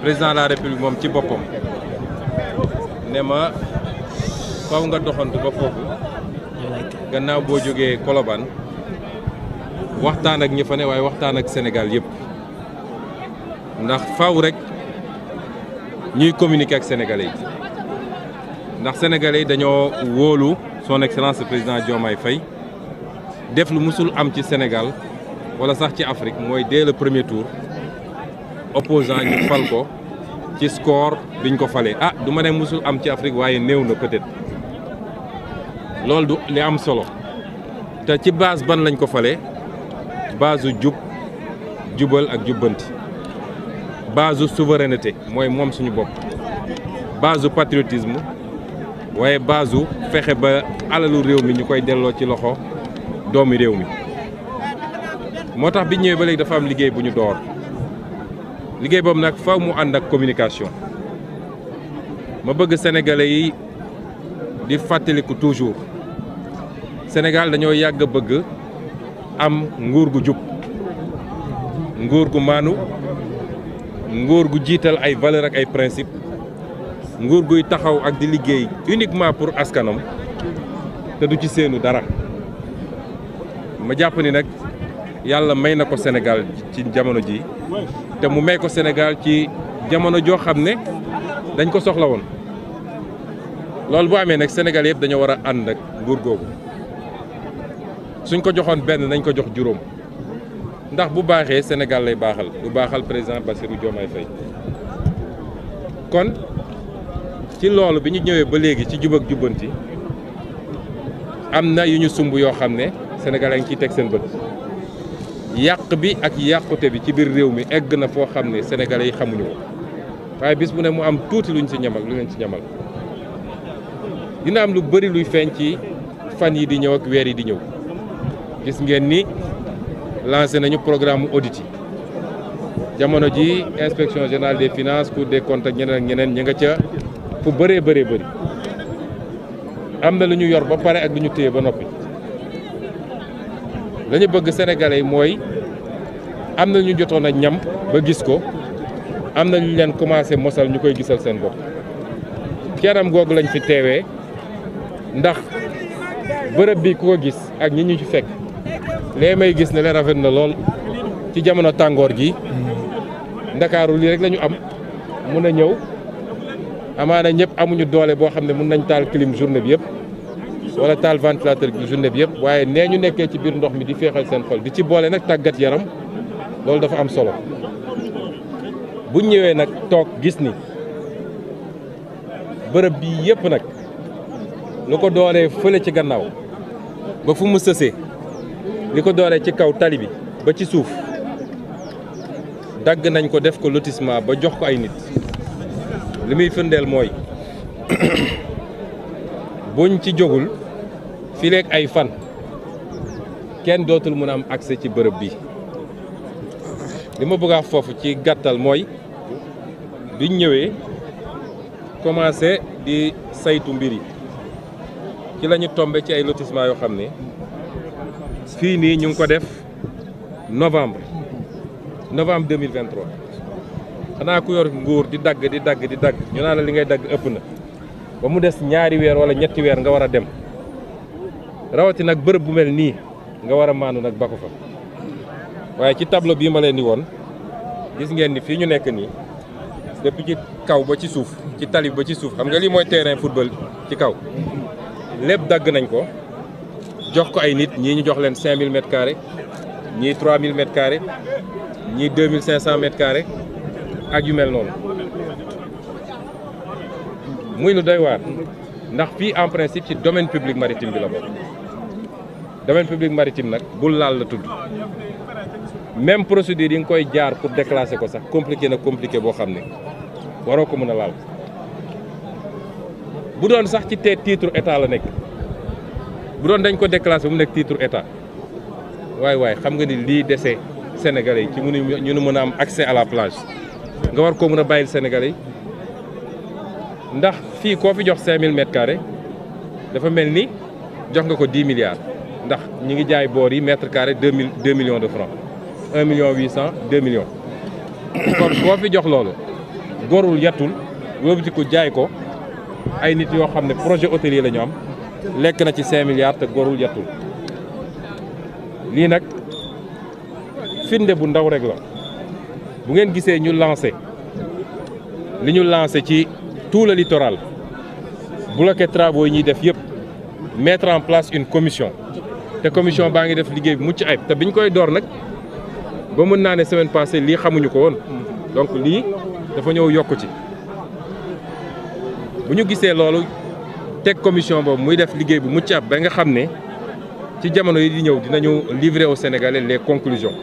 président de la république moom ci boppam ne ma faw nga doxantu ba foofu gannaaw boo jógee Colobane waxtaan ak ñi fa ne waaye waxtaan ak Sénégal yëpp ndax faw rek ñuy communiquer ak sénégalais yi ndax sénégalais yi dañoo wóolu son excellence le président Diomaye Faye def lu musul am ci Sénégal walla sax ci Afrique mooy dès le premier tour opposant ñu fal ko ci score biñ ko falee ah du ma ne musul am ci Afrique waaye néew na peut-être loolu du li am solo te ci base ban lañ ko falee base u jub jubal ak jubbanti base u mooy moom suñu bopp base u patriotisme waaye base u fexe ba alalu réew mi ñu koy delloo ci loxo doomi réew mi moo tax bi ñëwee ba léegi dafa am liggéey bu ñu door liggéey boobu nag faw mu ànd ak communication ma bëgg sénégalais yi di fàttaliku toujours Sénégal dañoo yàgg bëgg am nguur gu jub nguur gu maanu nguur gu jiital ay valeur ak ay principe nguur guy taxaw ak di liggéey uniquement pour askanam te du ci seenu dara ma jàpp ni nag yàlla may na ko Sénégal ci jamono ji te mu may ko ci jamono joo xam ne dañ ko soxlawoon loolu bu amee nag Sénégal yëpp dañoo war a ànd ak nguur googu suñ ko joxoon benn dañ ko jox juróom ndax bu baaxee Sénégal lay baaxal du baaxal président Bassirou Diomaye Faye kon ci loolu bi ñu ñëwee ba léegi ci jub ak jubbanti am na yu ñu sumb yoo xam ne Sénégal a ngi ciy teg seen bët yàq bi ak yàqute bi ci biir réew mi egg na foo xam ne sénégalais yi xamuñu ko waaye bis bu ne mu am tuuti luñ ci ñamal lu leen ci ñamal dina am lu bëri luy feeñ ci fan yi di ñëw ak weer yi di ñëw gis ngeen ni lancé nañu programme audit yi jamono ji inspection générale des finances cour des comptes ak a ak ñeneen ñi nga ca fu bëree bëree bëri am na lu ñu yor ba pare ak lu ñu téye ba noppi lañu bëgg sénégalais yi mooy am na ñu jotoon a ñam ba gis ko am na ñu leen commencé mosal ñu koy gisal seen bopp ci anam googu lañ fi teewee ndax bërëb bi ku ko gis ak ñi ñu ci fekk lee may gis ne leen rafet na lool ci jamono tàngoor gi ndakaaru lii rek lañu am mun a ñëw amaana ñëpp amuñu doole boo xam ne mun nañ taal clim journée bi yëpp wala taal ventilateur bi journée bi yëpp waaye nee ñu nekkee ci biir ndox mi di féexal seen xol di ci boole nag tàggat yaram loolu dafa am solo bu ñëwee nag toog gis ni bërëb bi yëpp nag lu ko doolee fële ci gannaaw ba fu mu sësee li ko doolee ci kaw tali bi ba ci suuf dagg nañ ko def ko lotissement ba jox ko ay nit li muy firndeel mooy buñ ci jógul fii leeg ay fan kenn dootul mun a am accès ci bërëb bi li ma bëgg a foofu ci gàttal mooy biñ ñëwee commencé di saytu mbiri ci la tombe ci ay lotissement yoo xam ne fii nii ñu ngi ko def novembre novembre 2023 xanaa ku yor nguur di dagg di dagg di dagg ñu naa la li ngay dagg ëpp na ba mu des ñaari weer wala ñetti weer nga war a dem rawati nag bërëb bu mel nii nga war a maandu nag bako fa waaye ci tableau bii ma leen di woon gis ngeen ni fii ñu nekk nii depuis ci kaw ba ci suuf ci tali ba ci suuf xam nga lii mooy terrain football ci kaw lépp dagg nañ ko jox ko ay nit ñii ñu jox leen 5000 mètres carrés ñii 3000 mètres carrés ñii 2500 mètres carrés ak yu mel noonu muy lu doy waar ndax fii en principe ci domaine public maritime bi la domaine public maritime nag bu laal la tudd même procédure yi nga koy jaar pour déclasser ko sax compliqué na compliqué boo xam ne waroo ko mën a laal bu doon sax ci te titre état la nekk bu doon dañ ko déclassé mu nekk titre état waaye waaye xam nga ni lii dese Sénégalais yi ci mënu ñu nu mën a am accès à la plage nga war koo mën a bàyyil Sénégalais yi ndax fii koo fi jox 5000 mètres carrés dafa mel ni jox nga ko 10 milliards ndax ñi ngi jaay boor yi mètre carré deux mille deux millions de francs un million huit cent deux millions. kon boo fi jox loolu gorul yattul wóobuti ko jaay ko ay nit yoo xam ne projet hôtelier la am lekk na ci cinq milliards te gorul yattul lii nag firnde bu ndaw rek bu ngeen gisee ñu lancé li ñu lancé ci tout le littoral bloqué travaux yi ñuy def yëpp mettre en place une commission. te commission baa ngi def liggéey bi mucc ayib te ñu koy door nag ba mën naa ne semaine passée lii xamuñu ko woon donc lii dafa ñëw yokk ci bu ñu gisee loolu teg commission boobu muy def liggéey bu mucc ayib ba nga xam ne ci jamono yi di ñëw dinañu livrer aux Sénégalais les conclusions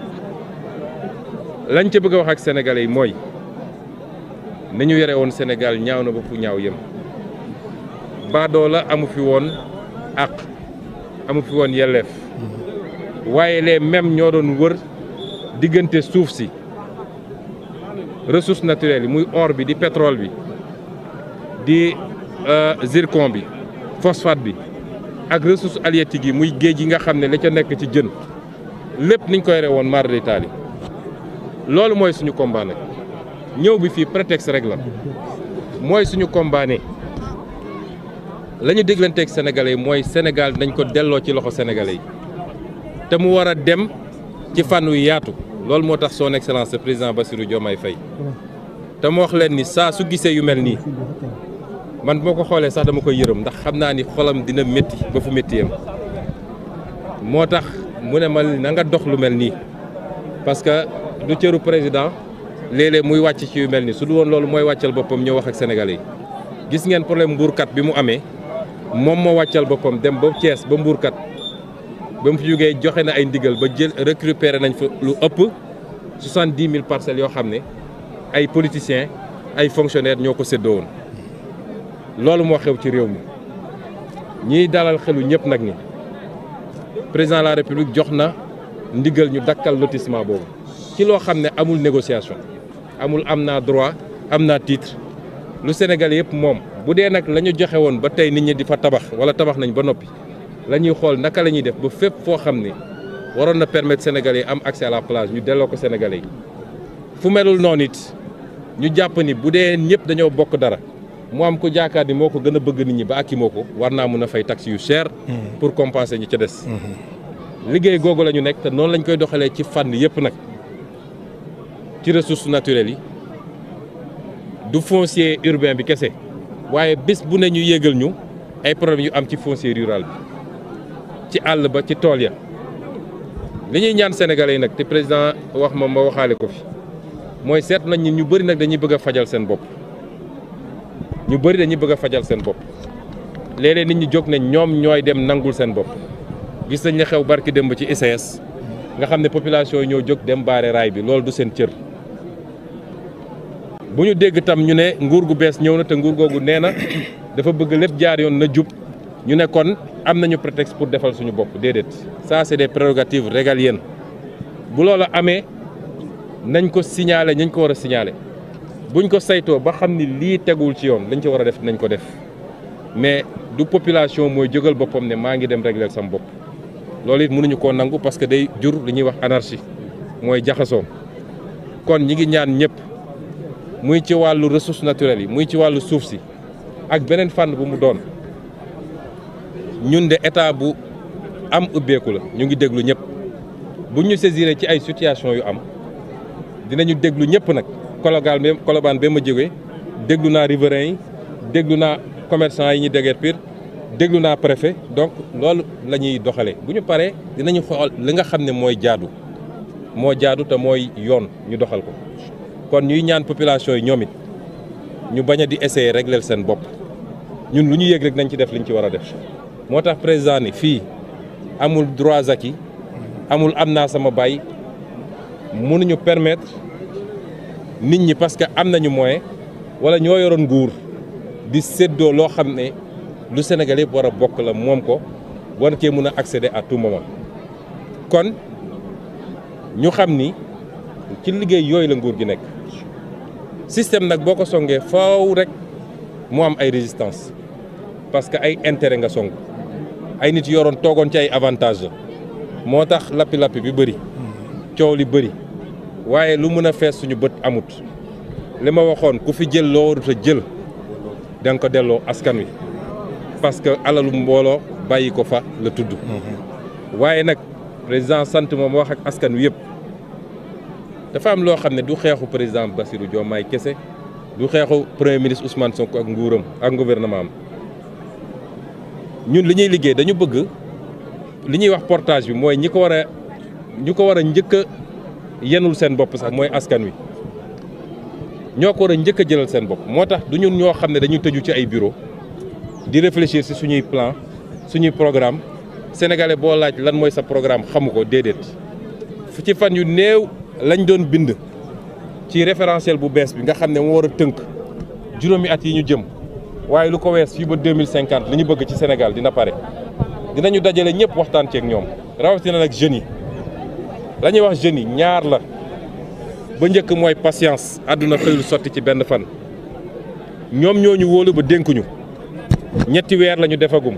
lañ ca bëgg wax ak sénégalais yi mooy nañu yore woon senegal ñaaw na ba fu ñaaw yem baadoo la amu fi woon àq amu fi woon yelleef waaye les mêmes ñoo doon wër diggante suuf si ressources naturelles yi muy or bi di pétrole bi di euh, zircon bi phosphate bi ak ressources halieutiques yi muy géej gi nga xam ne la ca nekk ci jën lépp niñ koy yore woon mare loolu mooy suñu combat nag ñëw bi fii prétexte rek la mooy suñu combat ne la ñu déglanteeg sénégalais yi mooy Sénégal dañ ko delloo ci loxo sénégalais yi te mu war a dem ci fànn yu yaatu loolu moo tax soo excellence le président ba Bassirou Diomaye Faye te mu wax leen ni saa su gisee yu mel nii man boo ko xoolee sax dama koy yërëm ndax xam naa ni xolam dina métti ba fu métti yam moo tax mu ne ma nanga dox lu mel nii parce que du cëru président léeg muy wàcc ci yu mel nii su du woon loolu mooy wàcceel boppam ñëw wax ak sénégalais yi gis ngeen problème nguurkat bi mu amee. moom moo wàccal boppam dem ba Thiès ba Mbourkat ba mu jógee joxe na ay ndigal ba jël récupéré nañ fa lu ëpp soixante dix mille parcelles yoo xam ne ay politiciens ay fonctionnaires ñoo ko séddoo woon loolu moo xew ci réew mi ñuy dalal xelu ñëpp nag ni président la république jox na ndigal ñu dakkal lotissement boobu ci loo xam ne amul négociation amul am naa droit am naa titre lu Sénégal yëpp moom. bu dee nag la ñu joxe woon ba tey nit ñi di fa tabax wala tabax nañu ba noppi la ñuy xool naka la ñuy def ba fépp foo xam ne waroon na permettre sénégalais yi am accès à la plage ñu delloo ko sénégalais yi fu melul noonu it ñu jàpp ni bu dee ñëpp dañoo bokk dara mu am ko jaakaar ni moo ko gën a bëgg nit ñi ba akki ko war naa mun a fay taxes yu cher. Mm-hmm. pour compenser ñi ca des. Mm-hmm. liggéey googu la ñu nekk te noonu lañ koy doxalee ci fànn yëpp nag ci ressources naturelles yi du foncier urbain bi kese. waaye bés bu ne ñu yégal ñu ay problème yu am ci foncier rural bi ci àll ba ci tool ya li ñuy ñaan sénégalais yi nag te président wax ma ma waxaale ko fi mooy seet nañ ñu bëri nag dañuy bëgg a fajal seen bopp ñu bëri dañuy bëgg a fajal seen bopp léeg nit ñu jóg ne ñoom ñooy dem nangul seen bopp gis nañ ne xew barki ba ci ICS nga xam ne population yi ñoo jóg dem baare bi loolu du seen cër bu ñu dégg tam ñu ne nguur gu bees ñëw na te nguur googu nee na dafa bëgg lépp jaar yoon na jub ñu ne kon am nañu prétexte pour defal suñu bopp déedéet ça c'est des prérogatives régaliennes bu loola amee nañ ko signaler nañ ko war a signaler buñ ko saytoo ba xam ni lii tegul ci yoon lañu ci war a def nañ ko def mais du population mooy jógal boppam ne maa ngi dem régler sama bopp loolu it mënuñu ko nangu parce que day jur li ñuy wax anarchie mooy jaxasoo kon ñi ngi ñaan ñëpp. muy ci wàllu ressources naturelles yi muy ci wàllu suuf si ak beneen fànn bu mu doon ñun de état bu am ubbeeku la ñu ngi déglu ñëpp bu ñu saisiré ci ay situation yu am dinañu déglu ñëpp nag Colobane ba Colobane ba ma jógee déglu naa riverains yi déglu naa commerçant yi ñu déguerpir déglu naa préfet donc loolu la ñuy doxalee bu ñu paree dinañu xool li nga xam ne mooy jaadu moo jaadu te mooy yoon ñu doxal ko kon ñuy ñaan population yi ñoom it ñu bañ a di essayer régler seen bopp ñun lu ñu yëg rek nañ ci def liñ ci war a def moo tax président ni fii amul droits acquis amul am naa sama bàyyi mënuñu permettre nit ñi parce que am nañu moyen wala ñoo yoroon nguur di séddoo loo xam ne lu Sénégal yëpp war a bokk la moom ko war cee mun a accéder à tout moment kon ñu xam ni ci liggéey yooyu la nguur gi nekk. système nag boo ko songee faaw rek mu am ay résistance parce que ay intérêt nga song ay nit yoroon toogoon ci ay avantage la moo tax lappi-lappi bi bëri coow li bëri waaye lu mën a fees suñu bët amut li ma waxoon ku fi jël loo warut jël da nga ko delloo askan wi parce que alalu mbooloo bàyyi ko fa la tudd mhm. waaye nag président sant moom wax ak askan wi yëpp dafa am loo xam ne du xeexu président Bassirou joomaay kese du xeexu premier ministre Ousmane Sonko ak nguuram ak gouvernement am ñun li ñuy liggéey dañu bëgg li ñuy wax portage bi mooy ñi ko war ñu ko war a njëkk a yenul seen bopp sax mooy askan wi ñoo ko war a njëkk jëlal seen bopp moo tax du ñun ñoo xam ne dañu tëju ci ay bureau di réfléchir si suñuy plan suñuy programme sénégalais boo laaj lan mooy sa programme xamu ko déedéet ci fan yu néew. lañ doon bind ci référentiel bu bees bi nga xam ne moo war a tënk juróomi at yi ñu jëm waaye lu ko wees fii ba 2050 li ñu bëgg ci Sénégal dina pare dinañu dajale ñëpp waxtaan ceeg ñoom rawatina nag jeunes yi la wax jeunes yi ñaar la ba njëkk mooy patience àdduna xëyul sotti ci benn fan ñoom ñooñu wóolu ba dénkuñu ñetti weer lañu defagum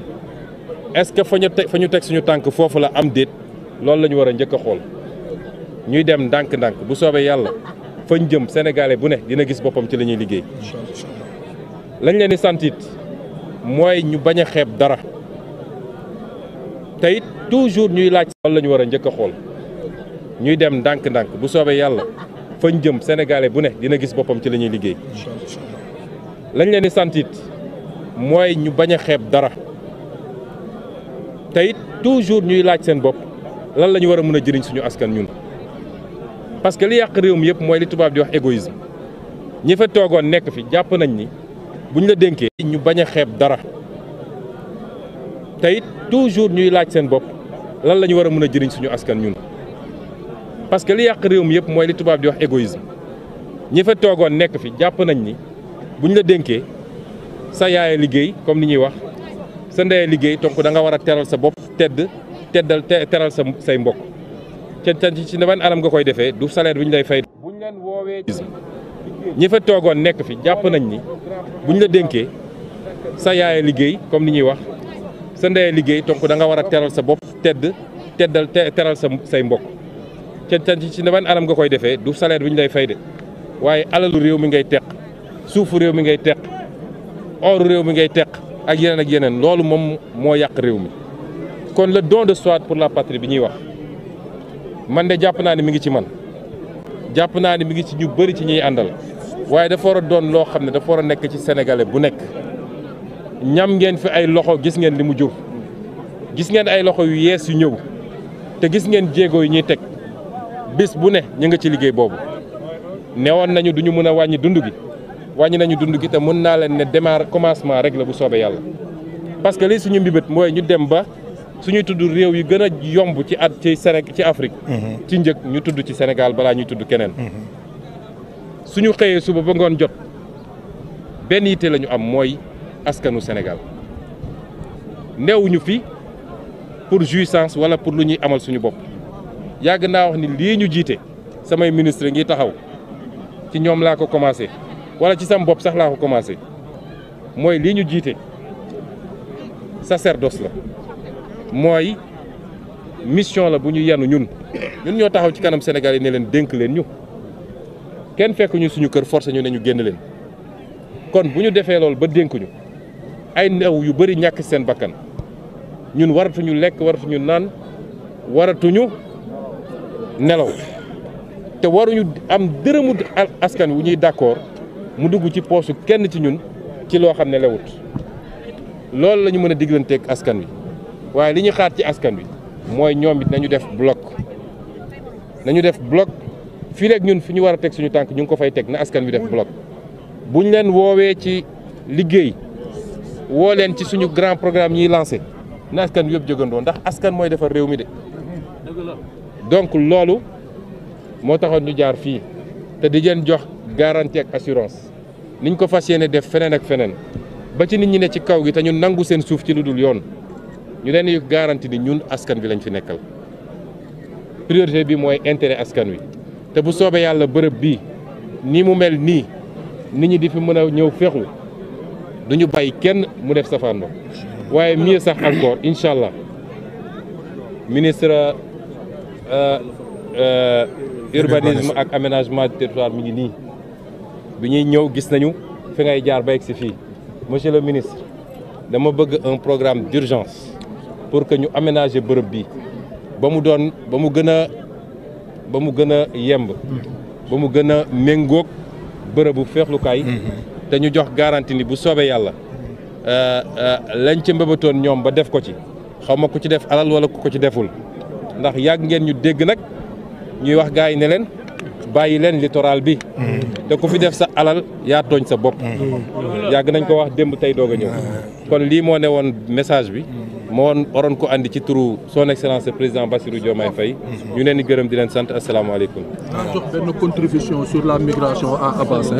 est-ce que fa ñu teg fa ñu teg suñu tànk foofu la am déet loolu la ñu war a njëkk a xool ñuy dem ndànk-ndànk bu soobee yàlla fañ jëm sénégalais bu ne dina gis boppam ci la ñuy liggéey leen di sant mooy ñu bañ a xeeb dara te it toujours ñuy laaj wal la ñu war a njëkk a xool ñuy dem ndànk-ndànk bu soobee yàlla fañ jëm sénégalais bu ne dina gis boppam ci la ñuy liggéey lañ leen di santiit it mooy ñu bañ a xeeb dara te it toujours ñuy laaj seen bopp lan la ñu war a mën a jëriñ suñu askan ñun parce que li yàq réew mi yëpp mooy li tubaab di wax égoïsme ñi fa toogoon nekk fi jàpp nañ ni bu buñ la dénkee ñu bañ a xeeb dara te it toujours ñuy laaj seen bopp lan la ñu war a mën a jëriñ suñu askan ñun parce que li yàq réew mi yëpp mooy li tubaab di wax égoïsme ñi fa toogoon nekk fi jàpp nañ ni bu buñ la dénkee sa yaaya liggéey comme ni ñuy wax sa ndeye liggéey donc danga nga war a teral sa bopp tedd teddal teral sa say mbokk te te ci ban anam nga koy defee du salaire bi ñu lay fay. buñ leen woowee ñi fa toogoon nekk fi jàpp nañ ni buñ la dénkee sa yaaya liggéey comme ni ñuy wax sa ndeye liggéey donc da war a teral sa bopp tedd teddal teral sa say mbokk te te ci ban anam nga koy defee du salaire bi ñu lay fay de waaye alalu réew mi ngay teq suufu réew mi ngay teq oru réew mi ngay teq ak yeneen ak yeneen loolu moom moo yàq réew mi kon le don de soi pour la patrie bi ñuy wax. man de jàpp naa ne mi ngi ci man jàpp naa ne mi ngi ci ñu bëri ci ñuy àndal waaye dafa war a doon loo xam ne dafa war a nekk ci sénégalais bu nekk ñam ngeen fi ay loxo gis ngeen li mu jur gis ngeen ay loxo yu yees yu ñëw te gis ngeen jéego yi ñuy teg bis bu ne ñu nga ci liggéey boobu newoon nañu duñu mën a wàññi dund gi wàññi nañu dund gi te mën naa leen ne démarre commencement rek la bu soobee yàlla parce li suñu mbibét mooy ñu dem ba suñuy tudd réew yi gën a yomb ci at ci Séné ci Afrique. Mhm. ci njëkk ñu tudd ci Sénégal balaa ñuy tudd keneen. Mhm. suñu xëyee suba ba ngoon jot benn yitte lañu am mooy askanu Sénégal newuñu fi pour jouissance wala pour lu ñuy amal suñu bopp yàgg naa wax ni lii ñu jiite samay ministre ngi taxaw ci ñoom laa ko commencé wala ci sam sax laa ko commencé mooy lii ñu jiite sacerdoce la. mooy mission la bu ñu yenu ñun ñun ñoo taxaw ci kanam Sénégal yi ne leen dénk leen ñu kenn fekk ñu suñu kër forcé ñu ne génn leen kon bu ñu defee loolu ba dénk ay ndaw yu bëri ñàkk seen bakkan ñun waratuñu lekk waratuñu naan waratuñu nelaw te waruñu am dërëmu askan wu ñuy d'accord mu dugg ci poosu kenn ci ñun ci loo xam ne lewut loolu la ñu mën a digganteeg askan wi waaye li ñu xaar ci askan wi mooy ñoom nañu def bloc nañu def bloc fii rek ñun fi ñu war a teg suñu tànk ñu ngi ko fay teg na askan wi def bloc bu leen woowee ci liggéey woo leen ci suñu grand programme ñuy lancé na askan wi yëpp jógandoo ndax askan mooy defar réew mi de donc loolu moo taxoon ñu jaar fii te di leen jox garantie ak assurance niñ ko fas yéene def feneen ak feneen ba ci nit ñi ne ci kaw gi tañu nangu seen suuf ci lu dul yoon ñu leen di garanti ni ñun askan bi lañ fi nekkal priorité bii mooy intérêt askan wi te bu soobee yàlla bërëb bii nii mu mel nii nit ñi di fi mën a ñëw fexu du ñu bàyyi kenn mu def safaan waaye mieux sax encore incha allah ministre euh, euh, urbanisme ak aménagement du territoire mi ngi nii bi ñuy ñëw gis nañu fi ngay jaar ba egg si fii monsieur le ministre dama bëgg un programme d'urgence pour que ñu aménager bërëb bi ba mu doon ba mu gën a ba mu gën a yemb ba mu gën a méngoog bërëbu feexlukaay te ñu jox garanti ni bu soobee yàlla euh, euh, lañ ci mbébatoon ñoom ba def ko ci xaw ma ku ci def alal wala ku ko ci deful ndax yàgg ngeen ñu dégg nag ñuy wax gars yi ne leen bàyyi leen littoral bi te ku fi def sa alal yaa tooñ sa bopp mm-hmm. yàgg nañ ko wax démb tey doog mm-hmm. kon lii moo ne woon message bi moo waroon ko andi ci turu son excellence le président Bassirou Diomaye fay ñu leen di gërëm di leen sant asalaamaaleykum. jox benn contribution sur la migration à Abass